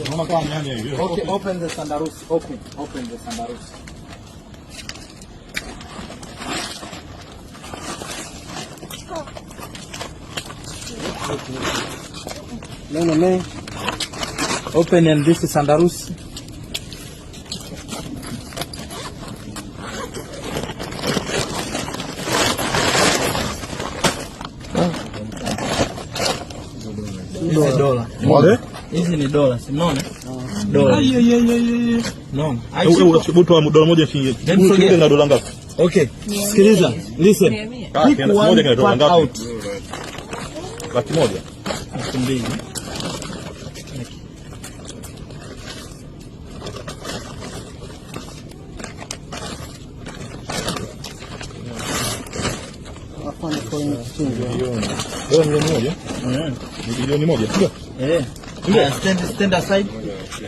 Okay, open the sandarusi. Open, open the sandarusi. No, no, no. Open and this is sandarusi. Dola. Dola. Dola. Hizi ni dola, si unaona? Dola. Dola moja na dola ngapi? Okay. Sikiliza, listen. Laki moja. Laki mbili. Milioni moja. Milioni moja. Eh. eh. Yeah, stand, stand aside.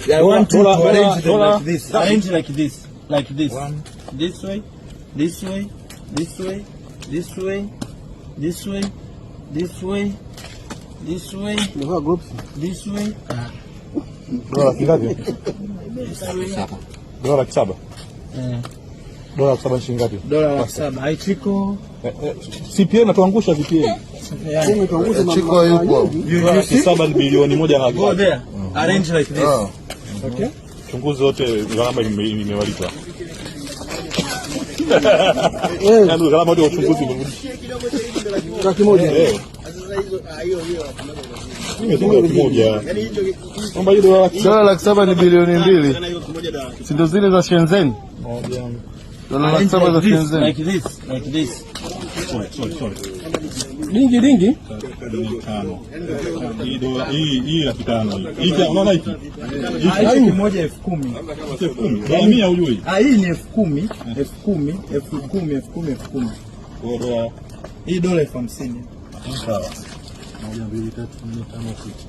Yeah, one, two, arrange them like this. Arrange like this. Like this. One. This way, this way, this way, this way, this way, this way, this way. Ni groups. This way. Dola kingapi? Dola 7. Eh dola elfu saba shilingi ngapi? Dola elfu saba haichiko CPA natuangusha CPA chiko eh, eh, eh, yuko elfu saba ni bilioni moja na go there arrange like this ah. okay, chunguzi wote gharama imewalipa yaani gharama wote uchunguzi laki moja dola laki saba ni bilioni mbili, si ndo zile za Shenzhen Like this, like this. Sorry, sorry, sorry. Dingi dingi. Hii laki tano unaona hiki? kumi. Hii ni elfu kumi, elfu kumi, elfu kumi, elfu kumi, elfu kumi. Hii dola elfu hamsini. Sawa. Moja, mbili, tatu, nne, tano, sita.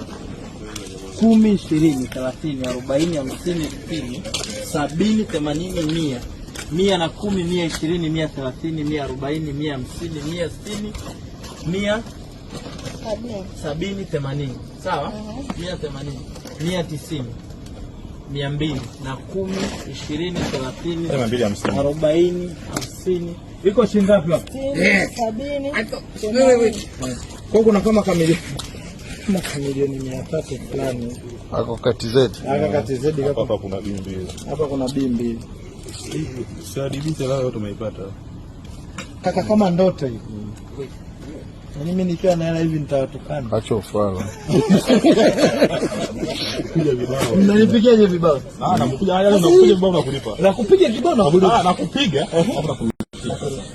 kumi, ishirini, thelathini, arobaini, hamsini, sitini, sabini, themanini, mia mia na kumi, mia ishirini, mia thelathini, mia arobaini, mia hamsini, mia sitini, mia sabini, themanini. Sawa, uh-huh. mia themanini, mia tisini, mia mbili na kumi, ishirini, thelathini, arobaini, hamsini. Iko shilingi ngapi hapo? Sabini. Kwa kuna kama kamili kama milioni mia tatu fulani akakati zetu kati zetu hapa kuna bimbi hapa kuna bimbi sadibita leo tumeipata kaka kama ndoto hivi Yaani mimi nikiwa na hela hivi nitawatukana. Acha ufala. Mnanipigaje vibao? Ah, nakupiga haya na vibao na kibao Ah, nakupiga.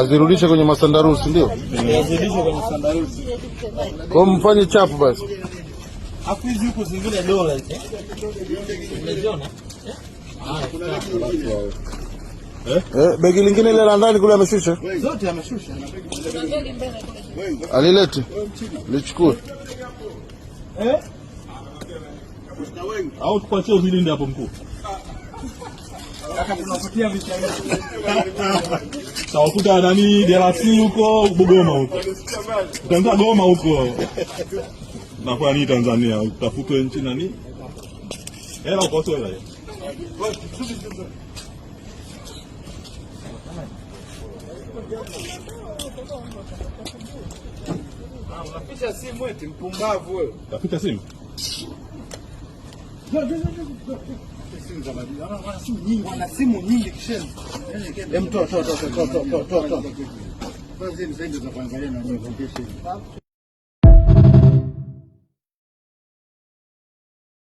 azirudishe kwenye masandarusi, ndio kwa mfanye chapu basi. Eh? Eh, begi lingine ile la ndani kule ameshusha, alilete lichukue eh? au tukuachie uzilinde hapo mkuu tawakuta nani DRC huko Bugoma huko utaanza Goma huko nakua nii Tanzania utafutwe nchi nani hela ukoso hela Unapicha simu eti mpumbavu wewe. Unapicha simu? Wana simu nyingi kisheni. Toa, toa, toa, toa, toa, toa.